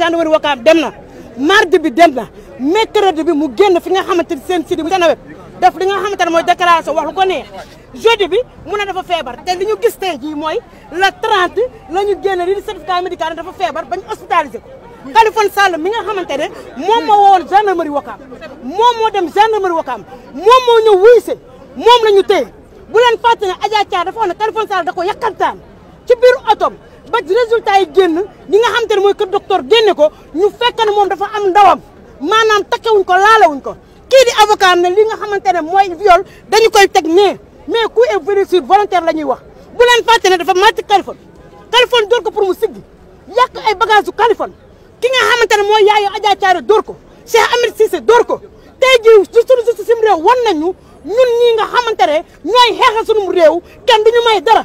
gendarmerie Wakaam dem na mardi bi dem na mercredi bi mu génn fi nga xamante ni seen sidi bu seen web def li nga xamante ne mooy déclaration wax lu ko neex jeudi bi mu ne dafa feebar te li ñu gis tey jii mooy la 30 la ñu génn li di certificat médical kaana dafa feebar bañ hospitalisé ko Kalifone Sall mi nga xamante ne moom moo wowoon gendarmerie Wakaam moom moo dem gendarmerie Wakaam moom moo ñëw wuy si moom la ñu téye bu leen fàtte ne Adja Thiar dafa wax ne Kalifone Sall da ko yàkkantaan ci biir otom ba résultat yi génn li nga xam te ne mooy kër docteur génne ko ñu fekk ne moom dafa am ndawam maanaam takkewuñ ko laalewuñ ko kii di avocat am ne li nga xamante ne mooy viol dañu koy teg nee mais coup et blessure volontaire la ñuy wax bu leen fàtte ne dafa màcc Kaliphone Kaliphone dóor ko pour mu siggi yàq ay bagage su Kaliphone ki nga xamante ne mooy yaayu Adja Thiaré dóor ko Cheikh Amir Cissé dóor ko tey jii suñu justice réew wan nañu ñun ñii nga xamante ne ñooy xeexal suñu réew kenn duñu may dara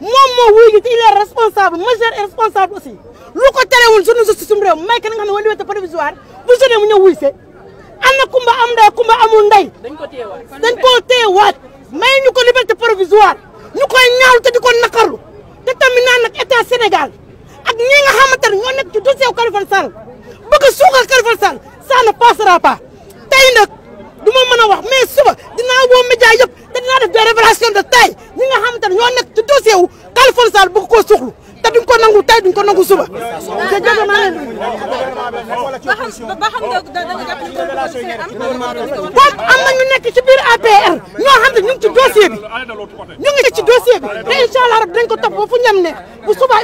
moom moo wuyu ji te il est responsable majeur et responsable aussi lu ko terewul suñu justice suñu réew may ka nga xam ne wala liberté bu jeune mu ñëw wuy see am kumba am ndey kumba amul ndey dañ koo téyewaat may ñu ko liberté provisoire ñu koy ñaaw te di ko naqarlu te tamit naan nag état Sénégal ak ñi nga xamante ne ñoo nekk ci dossier Khalifa Sall bëgg a suuxal Khalifa Sall ça ne passera pas tey nag du ma mën a wax mais suba dinaa woo média yëpp dossier wu Khalifa Sall bëgg koo suxlu te duñ ko nangu tey duñ nangu suba. te jege ñu nekk ci biir APR ñoo xam ne ñu ngi ci dossier bi ñu ngi ci dossier bi te incha allah rab dañ ko fu ñam ne bu suba.